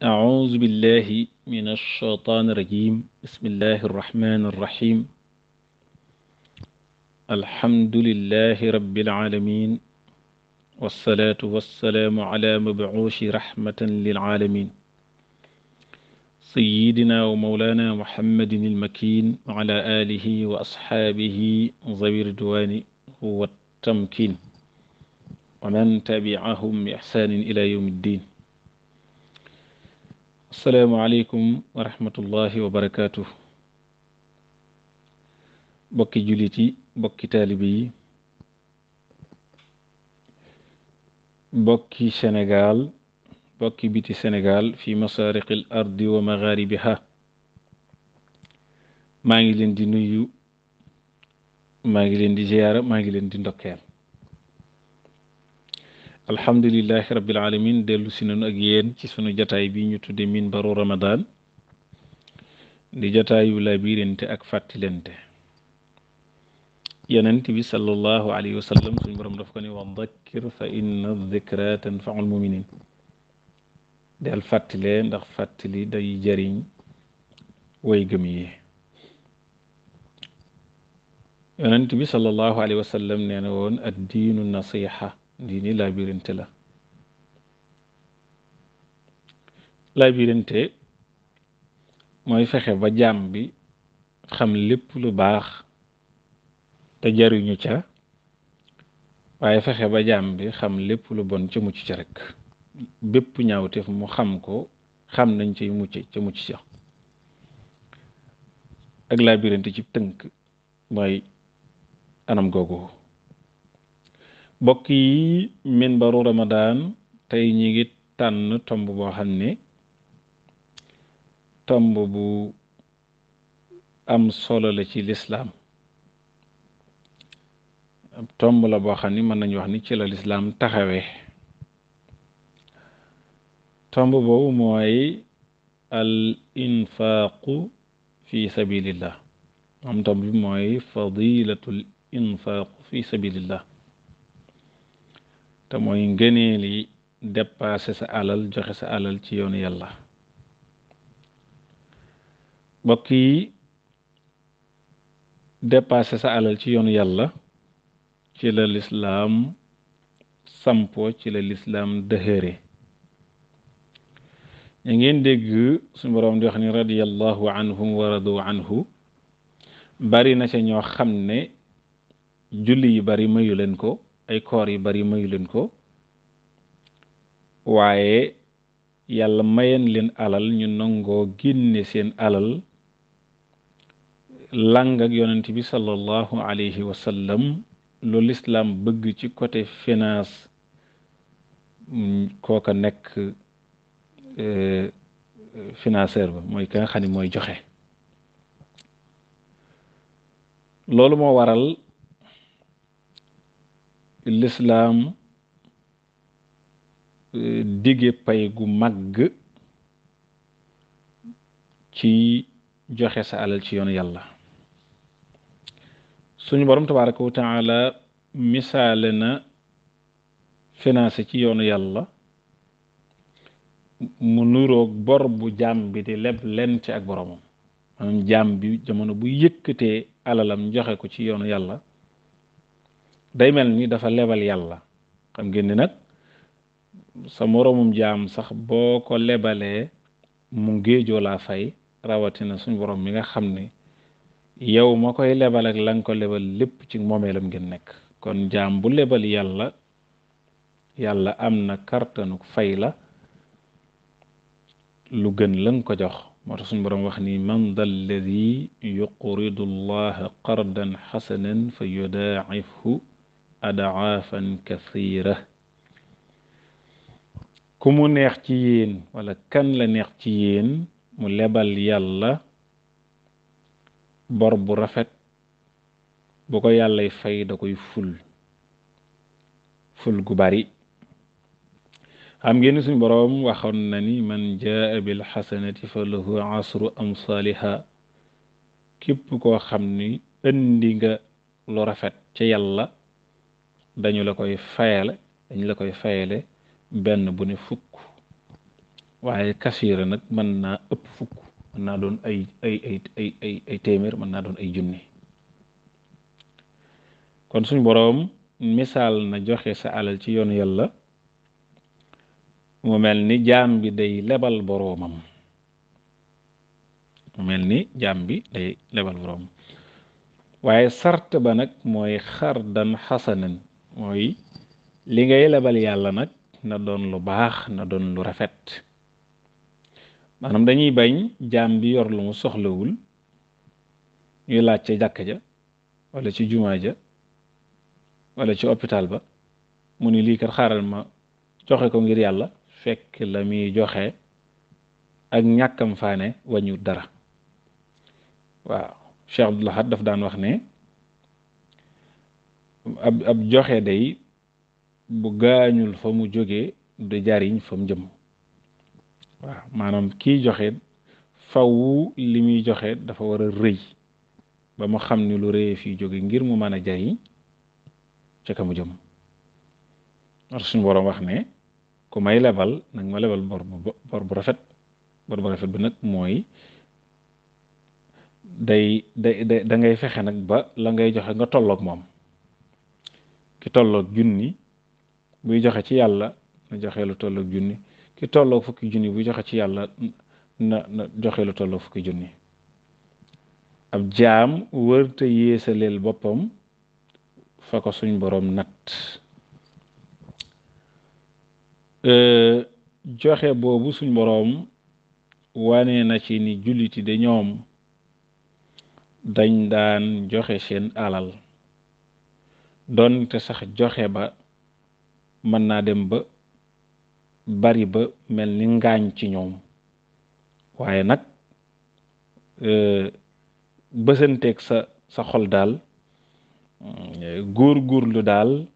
أعوذ بالله من الشيطان الرجيم بسم الله الرحمن الرحيم الحمد لله رب العالمين والصلاة والسلام على مبعوش رحمة للعالمين سيدنا ومولانا محمد المكين وعلى آله وأصحابه ذوي الرضوان والتمكين ومن تبعهم بإحسان إلى يوم الدين asalaamualeykum wa rahmatullahi wa barakaatu bokki jullit yi bokki taalibe yi bokki Sénégal bokki biti Sénégal fi masaariqi l ardi wa magaaribiha maa ngi leen di nuyu maa ngi leen di ziyaara maa ngi leen di ndokkeel alhamdulilahi rabbil alamin dellu si nag ak yéen ci sunu jataay bi ñu tudde min baru ramadan di jataayu labirante ak fàttilente yonent bi sallallahu alayhi wa sallam suñ borom daf ko ne wa dakkir fa inna dikra tanfaul muminin del fàttile ndax fàttali day jariñ way gëm bi sallallahu alayhi wa sallam lii nii laabirante la laabirante mooy fexe ba jaam bi xam lépp lu baax te jariñu ca waaye fexe ba jaam bi xam lépp lu bon ca mucc ca rek bépp ñaawteef mu xam ko xam nañ cay mucc ca mucc ca ak laabirante ci tënk mooy anam googu mbokk yi minbaru Ramadan tey ñi ngi tànn tomb boo xam ne tomb bu am solo la ci lislaam tomb la boo xam ni mën nañu wax ni ci la lislaam taxawee tomb boobu mooy al infaaqu fi sabilillah am tomb bi mooy fadilatul infaaqu fi sabilillah te moy ngëneel yi dépassé sa alal joxe sa alal ci yoonu yàlla mbokk dépassé sa alal ci yoonu yàlla ci la lislaam sampo ci la lislaam dëhëre ngeen dégg suñu borom di wax ni radiallahu anhum wa radu anhu bari na ca ñoo xam ne julli bari mayu ko ay koor yu bari mayu leen ko waaye yàlla mayen leen alal ñu nangoo génne seen alal lang ak yonent bi salallahu alayhi wa sallam lu lislaam bëgg ci côté finance kooka nekk euh, financeur ba mooy ka nga xam ne mooy joxe loolu moo waral lislaam dige pay gu màgg ci joxe sa alal ci yoonu yàlla suñu borom tabaraka wa taala misaale na financé ci yoonu yàlla mu nuroog bor bu jaam bi di leb lente ak boromam maanaam jaam bi jamono bu yëkkatee alalam joxe ko ci yoonu yàlla day mel ni dafa lebal yàlla xam ngeen ni nak sa moromum jam sax boko lebalé mu ngeejo la fay rawati na suñu borom mi nga xamni yow makoy lebal ak la ko lebal lépp ci momelam ngeen nek kon jam bu lebal yàlla yàlla amna na kartanu fay la lu gën la ko jox motax suñu borom wax ni man dal ladhi yuqridu allaha qardan hasanan fa أدعافا كثيرة ku mu neex ci yéen wala kan la neex ci yéen mu lebal yàlla bor bu rafet bu ko yàllay fay da koy ful ful gu bari xam ngeen suñ boroom waxoon na ni man jaa bil xasanati fa lahu asru amsaaliha képp koo xam ni indi nga lu rafet ca yàlla dañu la koy fayale dañu la koy fayale benn bu ne fukk waaye kasiira nag mën naa ëpp fukk mën naa doon ay ay ay ay ay ay téeméer mën naa doon ay junni kon suñ borom misaal na joxe sa alal ci yoon yàlla mu mel ni jaam bi day lebal boroomam mu mel ni jaam bi day lebal boroomam waaye sart ba nag mooy xardan xasanan mooy li ngay lebal yàlla nag na doon lu baax na doon lu rafet maanaam dañuy bañ jaam bi yor lu mu soxlawul ñuy laaj ca jàkka ja walla ci jumaa ja walla ci hôpital ba mu ni lii kat xaaral ma joxe ko ngir yàlla fekk la muy joxe ak ñàkkam faane dara waaw Cheikh Abdoul Ahad daf daan wax ne ab ab joxe day bu gaañul fa mu jógee du jariñ fa mu jëm waaw maanaam kiy joxe faw li muy joxe dafa war a rëy ba mu xam ni lu rëyee fii jóge ngir mu man a jariñ ca ka mu jëm war a wax ne ku may lebal nag ma lebal bor bu bor bu rafet bor bu rafet bi nag mooy day day da dangay fexe nag ba la ngay joxe nga tollook moom ki tolloog junni buy joxe ci yàlla na joxe lu tolloog junni ki tolloog fukki junni buy joxe ci yàlla na joxe lu tolloog fukki junni ab jaam wërta yéesaleel boppam fa ko suñ boroom nat joxe boobu suñ boroom wane na ci ni julliti de ñoom dañ daan joxe seen alal doonte sax joxe ba mën naa dem ba bari ba mel ni ngaañ ci ñoom waaye nag e, bësanteeg sa sa xol daal e, góor góorlu daal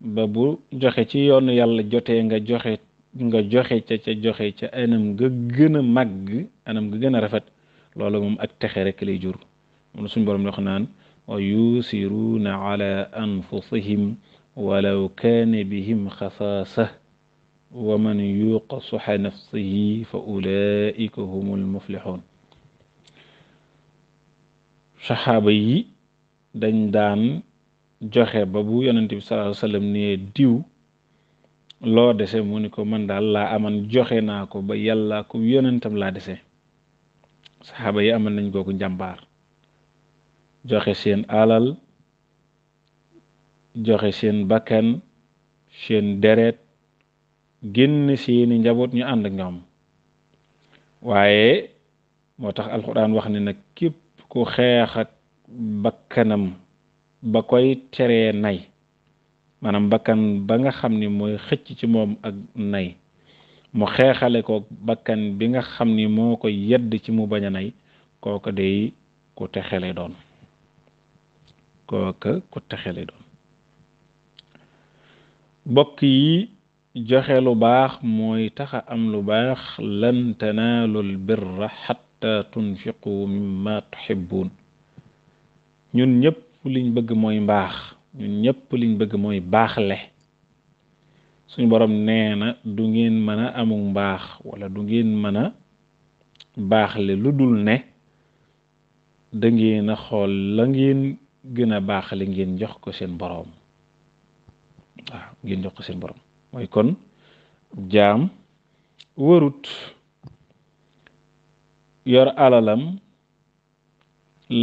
ba bu joxe ci yoon yàlla jotee nga joxe nga joxe ca ca joxe ca anam nga gën a màgg anam nga gën a rafet loolu moom ak texe rek lay jur moom suñ borom wax naan ويوسرون على أنفسهم ولو كان بهم خصاصة ومن يوق صح نفسه فأولئك هم المفلحون شحابي دان دان جوخه بابو يونتي صلى الله عليه وسلم ني ديو لو دسي مونيكو من دال لا امان جوخيناكو با يالا كو يونتام لا دسي صحابه يامن نانكو جامبار joxe seen alal joxe seen bakkan seen deret génn seeni njaboot ñu ànd ak ñoom waaye moo tax alxuraan wax ne nag képp ku xeex ak bakkanam ba koy teree nay maanaam bakkan ba nga xam ni mooy xëcc ci moom ak nay mu xeexale ko bakkan bi nga xam ni moo ko yedd ci mu bañ a nay kooko day ku texele doon kooka ku texe lay doon bokk yi joxe lu baax mooy taxa am lu baax lan tanaalul birra xatta tunfiqu mimma tuxibbuun ñun ñëpp liñ bëgg mooy mbaax ñun ñëpp liñ bëgg mooy baaxle suñ borom nee na du ngeen mën a amul mbaax wala du ngeen mën a baaxle lu dul ne da ngeen a xool la ngeen gën a baaxale ngeen jox ko seen boroom waaw ngeen jox ko seen boroom mooy kon jaam warut yor alalam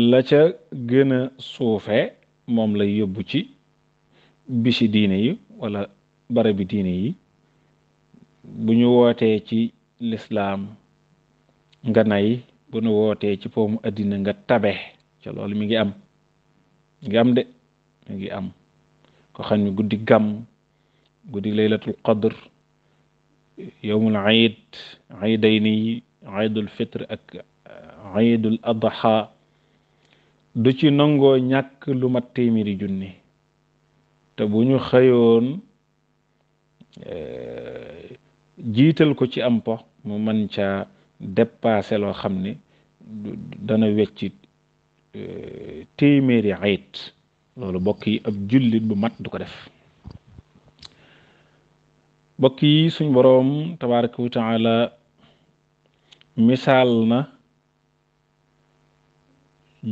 la ca gën a suufe moom lay yóbbu ci bisi diine yi wala barabi diine yi bu ñu wootee ci lislaam nga nay bu ñu wootee ci poomu àddina nga tabe ca loolu mi ngi am ngi am de ngi am ko xam ne guddi gàmm guddi laylatul qadr yowmul aid aidayni aidul fitre ak aidul eh, adha du ci nangoo ñàkk lu mat téeméeri junni te bu ñu xëyoon eh, jiital ko ci am po mu mën caa dépassé loo xam ni dana weccit téeméeri ayit loolu bokk yi ab jullit bu mat du ko def bokk yi suñ boroom tabaraka wa taala misaal na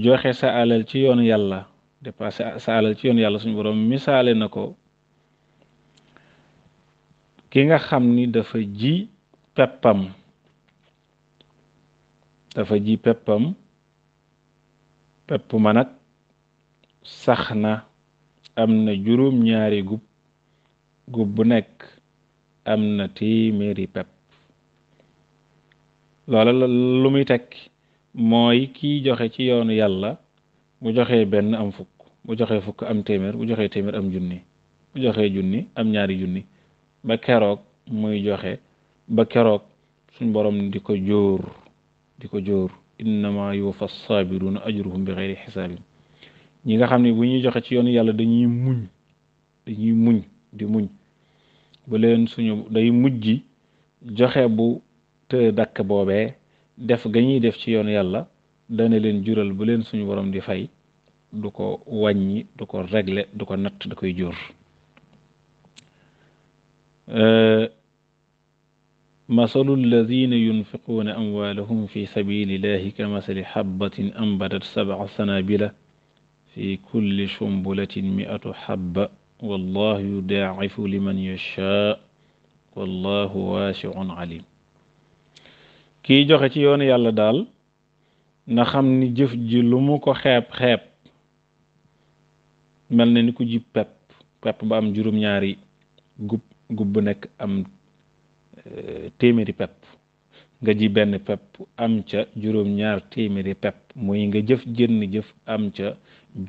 joxe sa alal ci yoon yàlla dépassé sa alal ci yoon yàlla suñ boroom misaale na ko ki nga xam ni dafa ji peppam dafa ji peppam pepp ma nag sax na am na juróom ñaari gub gub bu nekk am na téeméeri pepp loola lu muy tekk mooy kiy joxe ci yoonu yàlla bu joxe benn am fukk bu joxe fukk am téeméer bu joxe téeméer am junni bu joxe junni am ñaari junni ba keroog muy joxe ba keroog suñ borom di ko jóor di ko jóor innama yuwaffa saabiruna ajruhum bi xeyri xisaabin ñi nga xam ne bu ñuy joxe ci yoon yàlla dañuy muñ dañuy muñ di muñ baleen suñu day mujji joxe bu të dakk boobee def ga ñuy def ci yoonu yàlla dana leen jural ba leen suñu borom di fay du ko wàññi du ko régler du ko natt da koy jur مثل الذين ينفقون أموالهم في سبيل الله كمثل حبة أنبتت سبع سنابل في كل شنبلة مئة حبة والله يداعف لمن يشاء والله واسع عليم كي جوختي يون يالا دال نا خامني جيف جي لومو كو خيب خيب ملني نكو جي بيب بيب با ام جوروم نياري غوب غوب نيك ام téeméeri pepp nga ji benn pepp am ca juróom-ñaar téeméeri pepp mooy nga jëf jënn jëf am ca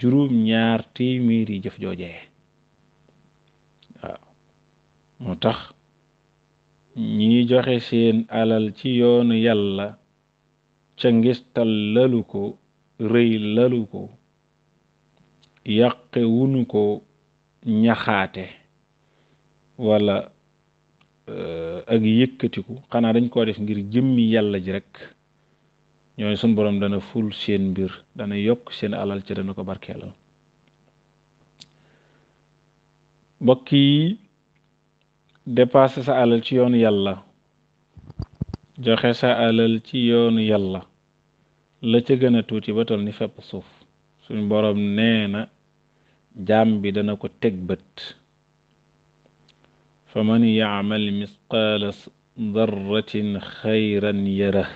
juróom-ñaar téeméeri jëf joojee waaw moo tax ñi joxe seen alal ci yoonu yàlla ca ngistal lalu ko rëy lalu ko yàqe wunu ko ñaxaate wala Euh, ak yëkkatiku xanaa dañ koo def ngir jëmmi yàlla ji rek ñooy suñ borom dana ful seen mbir dana yokk seen alal ci dana ko barkeelal mbokk yi dépassé sa alal ci yoonu yàlla joxe sa alal ci yoonu yàlla la ca gën a tuuti ba tol ni fepp suuf suñ boroom nee na jaam bi dana ko teg bët فمن يعمل مثقال ذرة خيرا يره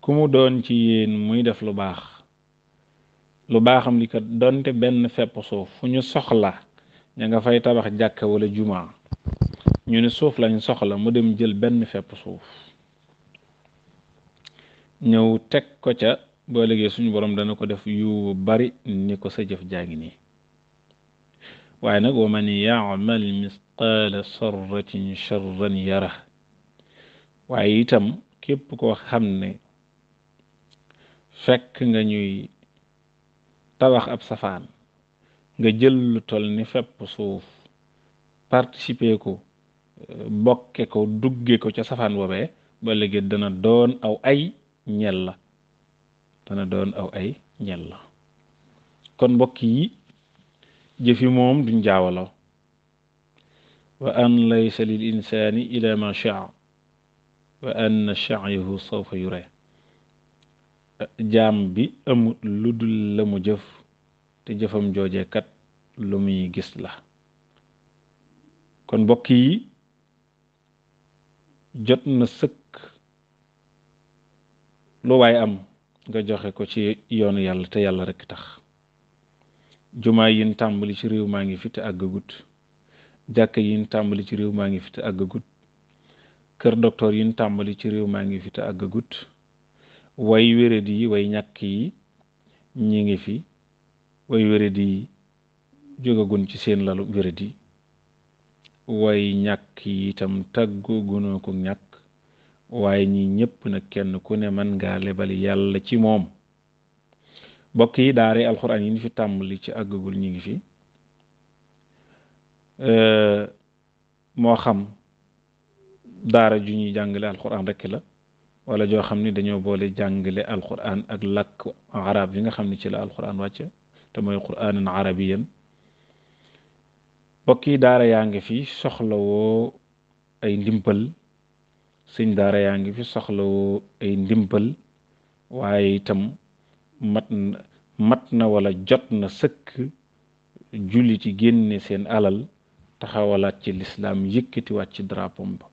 كومو دون تي يين موي داف لو باخ لو باخم لي كات بن فيب سوف فني سوخلا نيغا فاي تابخ جاكا ولا جمعة ني ني سوف لا ني سوخلا مو ديم جيل بن فيب سوف نيو تك كو تيا بو ليغي سوني بروم دا نكو داف يو باري نيكو سا جاغي ني waaye nag wa man yaamal misqaala sarratin charran yara waaye itam képp koo xam ne fekk nga ñuy tabax ab safaan nga jël lu tol ni fépp suuf participer ko bokke ko dugge ko ca safaan boobee ba léegi dana doon aw ay ñel la dana doon aw ay ñel la kon mbokk yi جفي موم دون جاولا وأن ليس للإنسان إلى ما شاء وأن شعيه سوف يرى جام بي أم لدل لم جف تجفم جوجة كت لمي جسلا كون بوكي جت نسك لو واي أم nga joxe ko ci yoonu yàlla te yàlla rek tax juma yi ñu tàmbali ci réew maa ngi fi te àggagut jàkk yi ñu tàmbali ci réew maa ngi fi te àggagut kër docteur yi ñu tàmbali ci réew maa ngi fi te àggagut way wéréd yi way ñakk yi ñi ngi fi way wéréd yi jógagun ci seen lalu wéréd yi way ñàkk yi itam tàggoo gunoo ko ñàkk waaye ñi ñëpp nag kenn ku ne man ngaa lebal yàlla ci moom bokk yi daare alxuraan yi ñu fi tàmbali ci àggagul ñu ngi fi moo xam daara ju ñuy jàngale alxuraan rekk la wala joo xam ni dañoo boole jàngale alxuraan ak lakk arab yi nga xam ne ci la alxuraan wàcce te mooy quraanan arabiyan bokk yi daara yaa ngi fi soxlawoo ay ndimbal sëñ daara yaa ngi fi soxlawoo ay ndimbal waaye itam mat na mat na wala jot na sëkk jullit yi génne seen alal taxawalaat ci lislaam yëkkatiwaat ci darapom ba